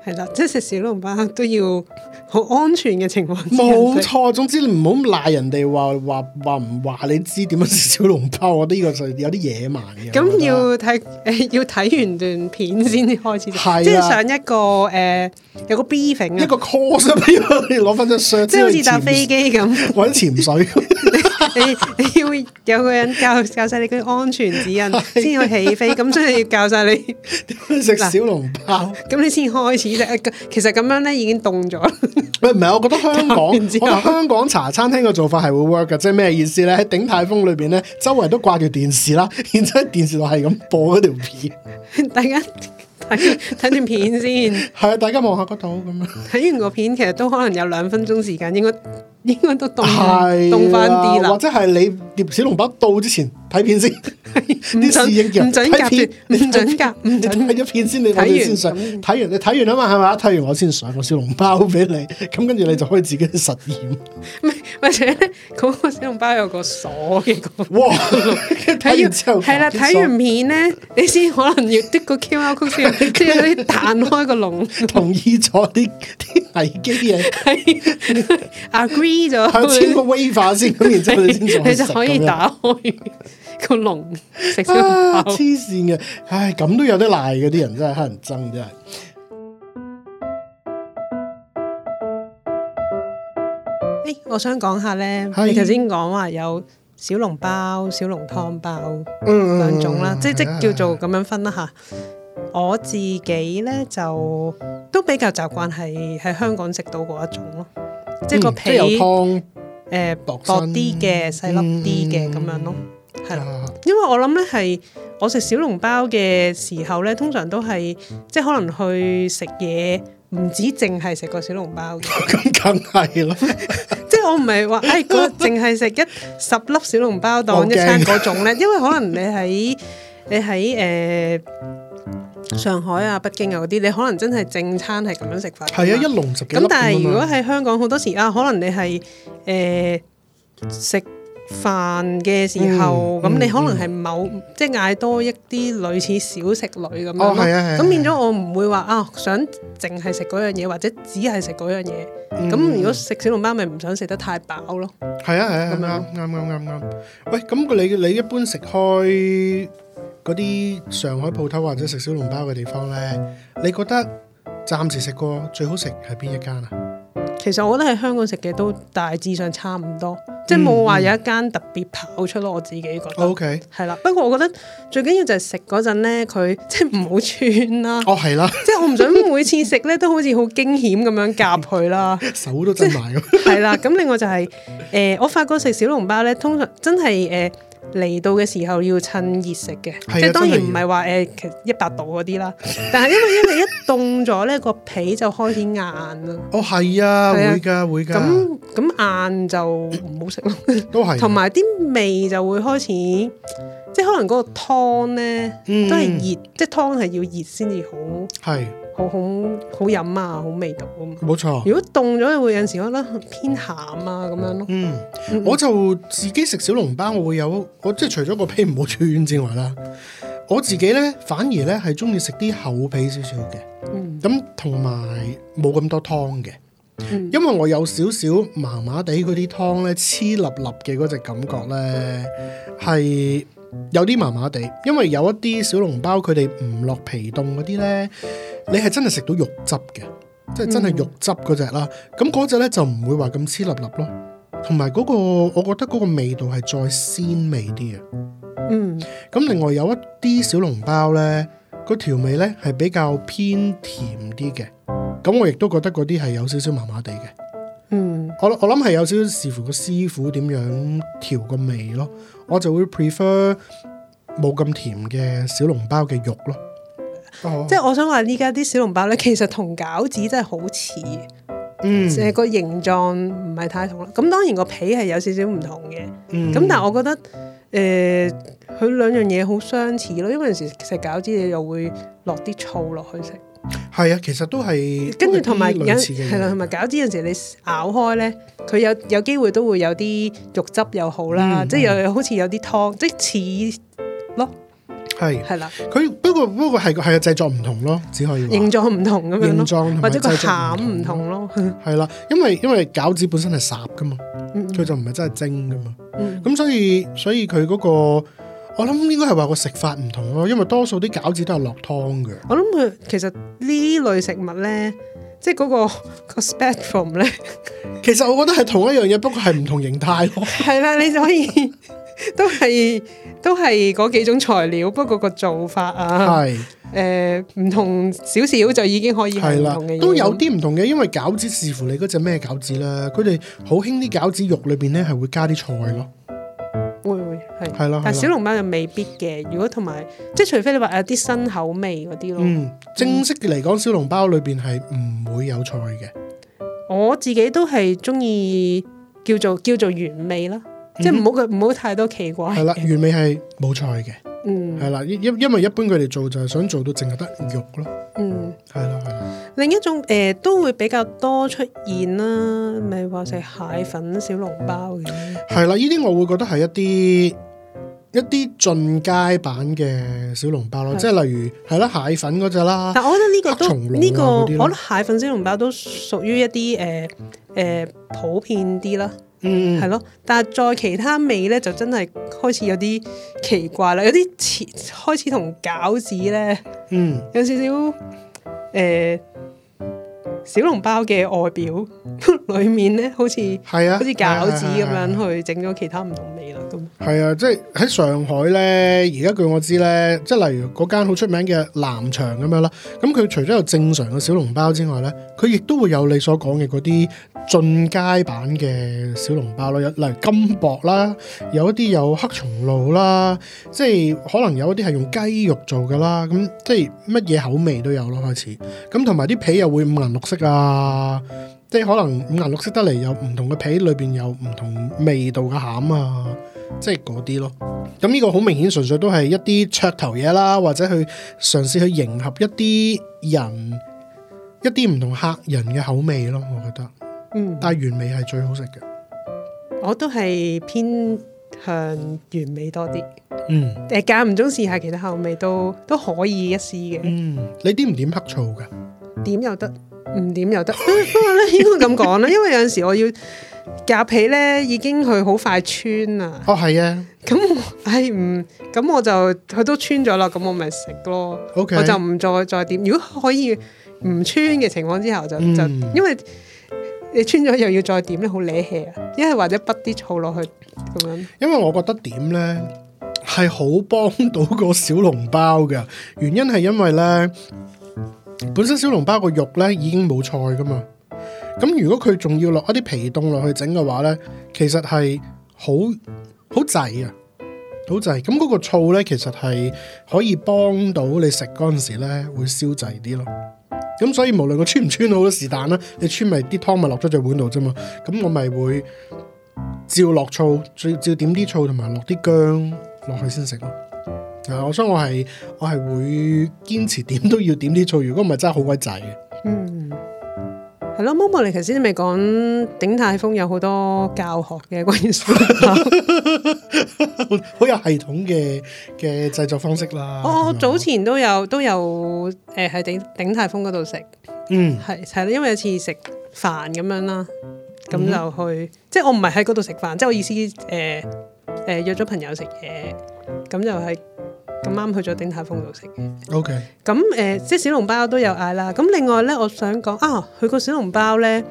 係啦，即係食小籠包都要好安全嘅情況下。冇錯，總之你唔好咁賴人哋話話話唔話你知點樣食小籠包，我覺得呢個就有啲野蠻嘅。咁、嗯、要睇誒、呃，要睇完段片先至開始，了即係上一個誒、呃，有個 briefing、啊、一個 course 俾我哋攞翻張 sheet，即係好似搭飛機咁，或者潛水。 你你要有個人教教晒你嘅安全指引，先要起飛。咁所以要教晒你食 小籠包。咁你先開始啫。其實咁樣咧已經凍咗。唔 係，哎，我覺得香港得香港茶餐廳嘅做法係會 work 嘅，即係咩意思咧？喺鼎泰豐裏邊咧，周圍都掛住電視啦，然之後電視度係咁播嗰條片， 大一片。 大家睇睇段 片先。係啊，大家望下嗰度咁啊。睇完個片，其實都可能有兩分鐘時間，應該。應該都凍，凍翻啲啦。或者係你碟小籠包到之前睇片先，唔準唔準夾，唔準夾唔準睇咗片先，你睇完先上。睇完你睇完啊嘛，係嘛？睇完我先上個小籠包俾你。咁跟住你就可以自己去實驗。唔係，或者咧，嗰個小籠包有個鎖嘅。哇！睇完之後係啦，睇完片咧，你先可能要啲個 Q 包曲線，即係彈開個籠。同意咗啲啲危機嘅。Agree。係簽個 wifi 先，咁然之後你就可以打開個籠食燒包。黐線嘅，唉，咁都有啲賴嘅啲人真係乞人憎，真係。誒，hey, 我想講下咧，hey. 你頭先講話有小籠包、小籠湯包，嗯兩、yeah. 種啦，mm. 即、yeah. 即叫做咁樣分啦吓。我自己咧就都比較習慣係喺香港食到嗰一種咯。即係個皮，誒、嗯呃、薄啲身嘅，嗯、細粒啲嘅咁樣咯，係啦。因為我諗咧係我食小籠包嘅時候咧，通常都係即係可能去食嘢，唔止淨係食個小籠包。咁梗係咯， 即係我唔係話誒，淨係食一十粒小籠包當一餐嗰種咧， 因為可能你喺你喺誒。上海啊、北京啊嗰啲，你可能真係正餐係咁樣食法。係啊，一籠十幾。咁但係如果喺香港好多時啊，可能你係誒食飯嘅時候，咁你可能係某即係嗌多一啲類似小食類咁樣。係啊，係咁變咗我唔會話啊，想淨係食嗰樣嘢，或者只係食嗰樣嘢。咁如果食小籠包，咪唔想食得太飽咯。係啊係啊，咁樣啱啱啱啱。喂，咁你你一般食開？嗰啲上海鋪頭或者食小籠包嘅地方咧，你覺得暫時食過最好食係邊一間啊？其實我覺得喺香港食嘅都大致上差唔多，嗯、即係冇話有一間特別跑出咯。我自己覺得、嗯、OK 係啦。不過我覺得最緊要就係食嗰陣咧，佢即係唔好穿啦。哦，係啦， 即係我唔想每次食咧都好似好驚險咁樣夾佢啦， 手都震埋咁。係啦即，咁 另外就係、是、誒、呃，我發覺食小籠包咧，通常真係誒。呃嚟到嘅時候要趁熱食嘅，即係的當然唔係話誒一百度嗰啲啦。 但係因為因為一,一凍咗咧，個 皮就開始硬啦。哦，係啊，的會㗎的，會㗎。咁咁硬就唔好食咯。都係。同埋啲味就會開始，即係可能嗰個湯咧、嗯、都係熱，即係湯係要熱先至好。係。好好，好飲啊，好味道。冇錯，如果凍咗，會有時會覺得偏鹹啊咁樣咯。嗯，我就自己食小籠包，我會有我即係除咗個皮唔好穿之外啦，我自己呢、嗯、反而呢係中意食啲厚皮少少嘅。嗯，咁同埋冇咁多湯嘅，嗯、因為我有少少麻麻地嗰啲湯呢，黐立立嘅嗰隻感覺呢。係。有啲麻麻地，因為有一啲小籠包佢哋唔落皮凍嗰啲呢，你係真係食到肉汁嘅，即係真係肉汁嗰隻啦。咁嗰隻呢，就唔會話咁黐粒粒咯，同埋嗰個我覺得嗰個味道係再鮮味啲嘅。嗯，咁另外有一啲小籠包呢，個調味呢係比較偏甜啲嘅。咁我亦都覺得嗰啲係有少少麻麻地嘅。嗯，我，我我諗係有少少視乎個師傅點樣調個味咯。我就會 prefer 冇咁甜嘅小籠包嘅肉咯，oh. 即係我想話依家啲小籠包咧，其實同餃子真係好似，成個、mm. 形狀唔係太同啦。咁當然個皮係有少少唔同嘅，咁、mm. 但係我覺得誒佢、呃、兩樣嘢好相似咯，因為有時食餃子你又會落啲醋落去食。係啊，其實都係跟住同埋，係啦，同埋餃子嗰陣時你咬開咧，佢有有機會都會有啲肉汁又好啦，即係又好似有啲湯，即係似咯。係係啦，佢不過不過係係個製作唔同咯，只可以形狀唔同咁樣咯，或者個餡唔同咯。係啦，因為因為餃子本身係烚噶嘛，佢就唔係真係蒸噶嘛，咁所以所以佢嗰個。我諗應該係話個食法唔同咯，因為多數啲餃子都係落湯嘅。我諗佢其實呢類食物咧，即係嗰、個、個 spectrum 咧，其實我覺得係同一樣嘢， 不過係唔同形態咯。係啦，你可以都係都係嗰幾種材料，不過個做法啊，係誒唔同少少就已經可以唔同嘅，都有啲唔同嘅，因為餃子視乎你嗰隻咩餃子啦。佢哋好興啲餃子肉裏邊咧，係會加啲菜咯。係，但小籠包又未必嘅。如果同埋，即係除非你話有啲新口味嗰啲咯。嗯，正式嚟講，小籠包裏邊係唔會有菜嘅。我自己都係中意叫做叫做原味啦。即係唔好唔好太多奇怪。係啦，原味係冇菜嘅。嗯，係啦，因因為一般佢哋做就係、是、想做到淨係得肉咯。嗯，係咯。另一種誒、呃、都會比較多出現啦，咪話食蟹粉小籠包嘅。係啦，呢啲我會覺得係一啲一啲進階版嘅小籠包咯，對即係例如係啦蟹粉嗰隻啦。但我覺得呢個都呢、這個，我覺得蟹粉小籠包都屬於一啲誒誒普遍啲啦。嗯，係咯，但係再其他味咧就真係開始有啲奇怪啦，有啲似開始同餃子咧，嗯，有少少誒。呃小籠包嘅外表裏 面咧，好似係啊，好似餃子咁樣、啊、去整咗其他唔同味啦。咁係啊，即係喺上海咧，而家據我知咧，即係例如嗰間好出名嘅南翔咁樣啦。咁佢除咗有正常嘅小籠包之外咧，佢亦都會有你所講嘅嗰啲進階版嘅小籠包咯。有例如金箔啦，有一啲有黑松露啦，即係可能有一啲係用雞肉做噶啦。咁即係乜嘢口味都有咯。開始咁同埋啲皮又會五顏六色。噶、啊，即係可能五顏六色得嚟，3, 有唔同嘅皮裏，裏邊有唔同味道嘅餡啊，即係嗰啲咯。咁呢個好明顯，純粹都係一啲噱頭嘢啦，或者去嘗試去迎合一啲人，一啲唔同客人嘅口味咯。我覺得，嗯，但係原味係最好食嘅。我都係偏向原味多啲，嗯，誒、呃，間唔中試下其他口味都都可以一試嘅。嗯，你點唔點黑醋噶？點又得。唔點又得，不過咧，應該咁講啦， 因為有陣時我要夾皮咧，已經佢好快穿啦。哦係啊，咁係唔咁我就佢都穿咗啦，咁我咪食咯。我就唔 Okay. 再再點。如果可以唔穿嘅情況之下，就就、嗯、因為你穿咗又要再點咧，好惹氣啊！一係或者滗啲醋落去咁樣。因為我覺得點咧，係好幫到個小籠包嘅原因係因為咧。本身小籠包個肉咧已經冇菜噶嘛，咁如果佢仲要落一啲皮凍落去整嘅話咧，其實係好好滯啊，好滯。咁嗰個醋咧，其實係可以幫到你食嗰陣時咧會消滯啲咯。咁所以無論我穿唔穿好多是但啦，你穿咪啲湯咪落咗隻碗度啫嘛。咁我咪會照落醋，照，照點啲醋同埋落啲薑落去先食咯。我想我係我係會堅持點都要點啲醋，如果唔係真係好鬼滯嘅。嗯，係咯、嗯。Momo 你頭先你咪講鼎泰豐有好多教學嘅關於食，好有系統嘅嘅製作方式啦。哦、樣我早前都有都有誒喺鼎鼎泰豐嗰度食。呃、嗯，係係啦，因為有次食飯咁樣啦，咁、嗯、就去，即係我唔係喺嗰度食飯，即、就、係、是、我意思，誒、呃、誒約咗朋友食嘢，咁就係、是。咁啱去咗鼎泰豐度食嘅，OK、嗯。咁、呃、誒，即係小籠包都有嗌啦。咁另外咧，我想講啊，佢個小籠包咧，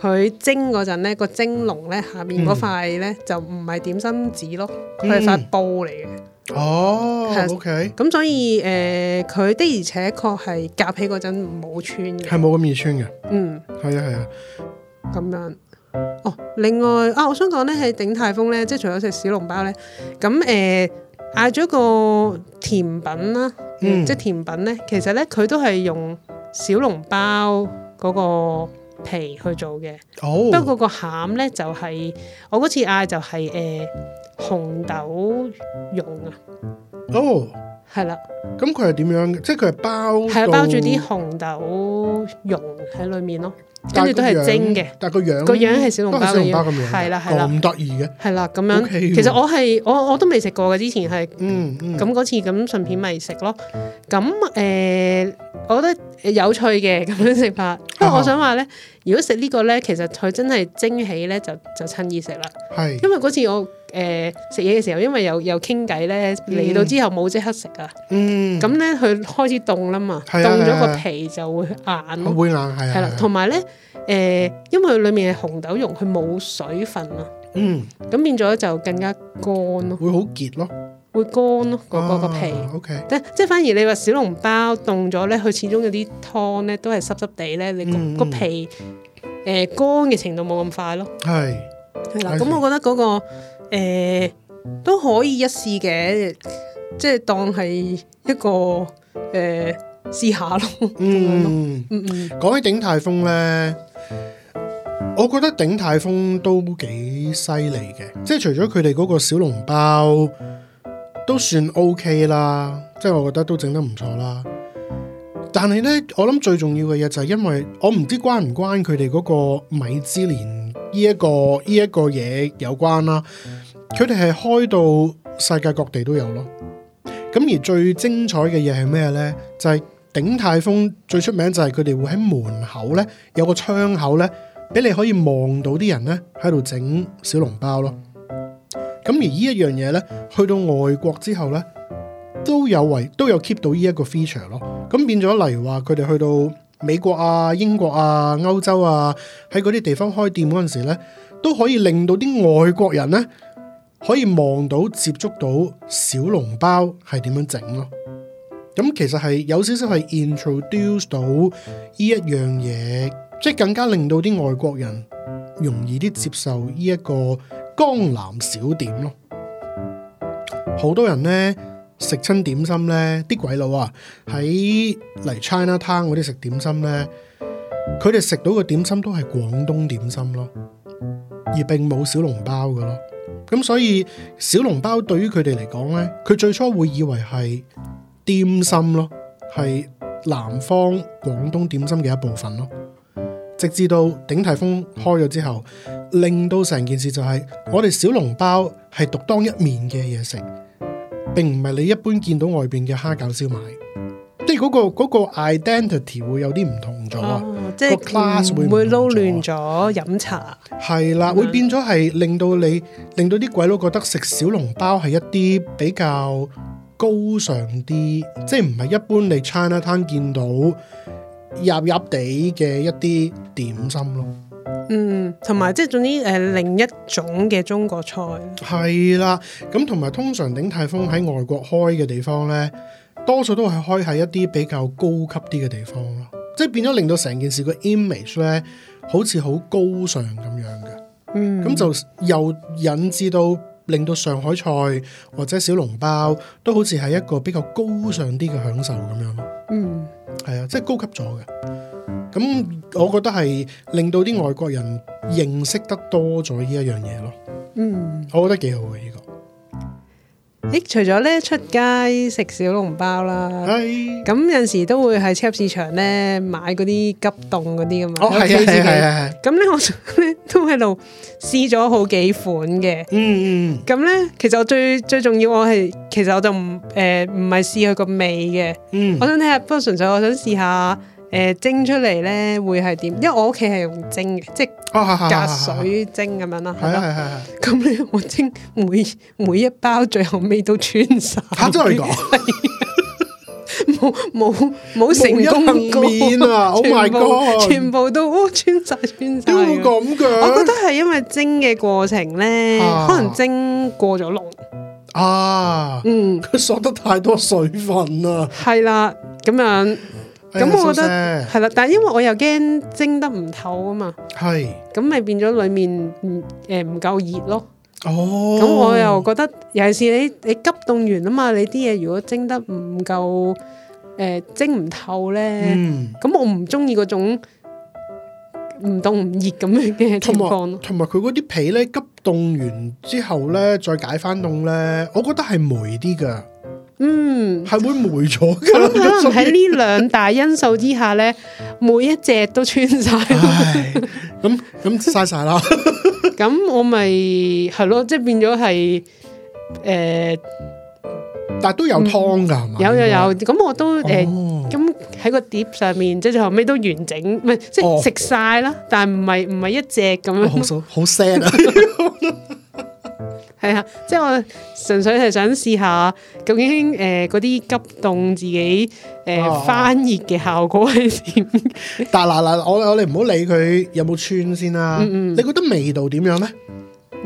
佢蒸嗰陣咧，個蒸籠咧下面嗰塊咧就唔係點心紙咯，佢係塊布嚟嘅。哦，OK、嗯。咁所以誒，佢的而且確係夾起嗰陣冇穿嘅，係冇咁易穿嘅。嗯，係、嗯、啊，係、嗯、啊，咁、嗯、 樣。哦、啊，另外啊，我想講咧喺鼎泰豐咧，即係除咗食小籠包咧，咁、嗯、誒。呃嗌咗個甜品啦、嗯嗯，即係甜品咧，其實咧佢都係用小籠包嗰個皮去做嘅，哦、不過個餡咧就係、是、我嗰次嗌就係、是、誒、呃、紅豆蓉啊。哦。係啦，咁佢係點樣？即係佢係包，係包住啲紅豆蓉喺裏面咯，跟住都係蒸嘅。但個樣但個樣係小籠包咁樣，樣，係啦係啦，咁得意嘅。係啦，咁樣。其實我係我我都未食過嘅，之前係、嗯，嗯，咁嗰次咁順便咪食咯。咁誒、呃，我覺得有趣嘅咁樣食法。 因為我想話咧，如果食呢個咧，其實佢真係蒸起咧就就趁熱食啦。係， 因為嗰次我。誒，食嘢嘅時候，因為又又傾偈咧，嚟到之後冇即刻食啊。嗯，咁咧佢開始凍啦嘛，凍咗個皮就會硬咯，會硬，係。係啦，同埋咧，誒，因為佢裏面係紅豆蓉，佢冇水分啊。嗯，咁變咗就更加乾咯，會好結咯，會乾咯，嗰個個皮。O K，即係反而你話小籠包凍咗咧，佢始終有啲湯咧都係濕濕地咧，你個皮誒乾嘅程度冇咁快咯。係係啦，咁我覺得嗰個。誒、呃，都可以一試嘅，即係當係一個誒試、呃、下咯、嗯嗯。嗯嗯嗯，講起鼎泰豐咧，我覺得鼎泰豐都幾犀利嘅，即係除咗佢哋嗰個小籠包都算 OK 啦，即係我覺得都整得唔錯啦。但係咧，我諗最重要嘅嘢，就係因為我唔知關唔關佢哋嗰個米芝蓮呢一個呢一、個嘢有關啦。佢哋係開到世界各地都有咯。咁而最精彩嘅嘢係咩呢？就係鼎泰豐最出名就係佢哋會喺門口呢，有個窗口呢，俾你可以望到啲人呢喺度整小籠包咯。咁而呢一樣嘢呢，去到外國之後呢，都有維都有 keep 到呢一個 feature 咯。咁變咗例如話佢哋去到美國啊、英國啊、歐洲啊，喺嗰啲地方開店嗰陣時呢，都可以令到啲外國人呢。可以望到、接觸到小籠包係點樣整咯。咁其實係有少少係 introduce 到呢一樣嘢，即係更加令到啲外國人容易啲接受呢一個江南小點咯。好多人呢，食親點心呢啲鬼佬啊，喺嚟 China Town 嗰啲食點心呢，佢哋食到嘅點心都係廣東點心咯，而並冇小籠包嘅咯。咁所以小籠包對於佢哋嚟講呢，佢最初會以為係點心咯，係南方廣東點心嘅一部分咯。直至到鼎泰豐開咗之後，令到成件事就係我哋小籠包係獨當一面嘅嘢食，並唔係你一般見到外邊嘅蝦餃燒賣，即係嗰個、嗰個 identity 會有啲唔同咗。嗯即係、嗯、會會撈亂咗飲茶，係啦，嗯、會變咗係令到你令到啲鬼佬覺得食小籠包係一啲比較高尚啲，即係唔係一般你 China Town 見到入入地嘅一啲點，點心咯。嗯，同埋即係總之誒另一種嘅中國菜係啦。咁同埋通常鼎泰豐喺外國開嘅地方咧，多數都係開喺一啲比較高級啲嘅地方咯。即係變咗令到成件事個 image 咧，好似好高尚咁樣嘅，嗯，咁就又引致到令到上海菜或者小籠包都好似係一個比較高尚啲嘅享受咁樣，咯，嗯，係啊，即係高級咗嘅。咁我覺得係令到啲外國人認識得多咗呢一樣嘢咯，嗯，我覺得幾好嘅呢個。咦，除咗咧出街食小籠包啦，咁、哎、有陣時都會喺超級市場咧買嗰啲急凍嗰啲噶嘛。哦，係係係係。咁咧、哦、我咧都喺度試咗好幾款嘅。嗯嗯。咁咧，其實我最最重要，我係其實我就唔誒唔係試佢個味嘅。嗯。我想睇下，不過純粹我想試下。誒，蒸出嚟咧會係點？因為我屋企係用蒸嘅，即係隔水蒸咁樣啦，係咯。咁咧我蒸每每一包最後尾都穿晒。吓，真係講。冇冇冇成功面啊！Oh my God，全部都穿晒穿晒。點會咁噶？我覺得係因為蒸嘅過程咧，可能蒸過咗籠啊。嗯，佢索得太多水分啦。係啦，咁樣。咁我覺得係啦，但係因為我又驚蒸得唔透啊嘛，係，咁咪變咗裏面唔誒唔夠熱咯。哦，咁我又覺得尤其是，你你急凍完啊嘛，你啲嘢，如果蒸得唔夠誒蒸唔透咧，咁我唔中意嗰種唔凍唔熱咁樣嘅情況咯。同埋佢嗰啲皮咧急凍完之後咧再解翻凍咧，我覺得係霉啲噶。嗯，係會霉咗嘅。可能喺呢兩大因素之下咧，每一隻都穿晒，咁咁嘥晒啦。咁 我咪係咯，即係、就是、變咗係誒，呃、但係都有湯噶，有有，有。咁我都誒，咁喺、呃、個碟上面，即係最後尾都完整，唔係即係食晒啦。哦、但係唔係唔係一隻咁樣，好好腥。啊。 係啊，即係我純粹係想試下究竟誒嗰啲急凍自己誒、呃啊啊啊、翻熱嘅效果係點？但嗱嗱，我我哋唔好理佢有冇串先啦。你覺得味道點樣咧？嗯嗯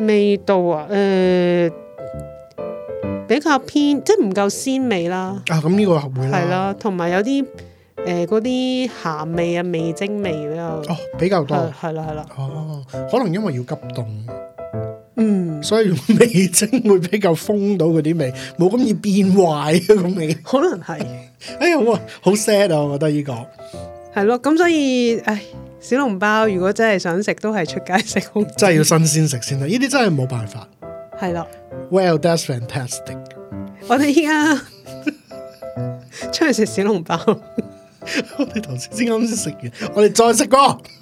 味道啊，誒、呃、比較偏，即係唔夠鮮味啦。啊，咁、嗯、呢、這個係會係啦，同埋有啲誒嗰啲鹹味啊、味精味比較哦比較多，係啦係啦。哦，可能因為要急凍。嗯，mm. 所以味精會比較封到嗰啲味，冇咁易變壞嗰個味，可能係， 哎呀，我好 sad 啊，我覺得呢個係咯，咁、這個、 所以，唉，小籠包如果真係想食，都係出街食好，真係要新鮮食先得，呢啲真係冇辦法，係啦 well,Well that's fantastic， 我哋依家出去食小籠包， 我哋頭先先啱啱食完，我哋再食過。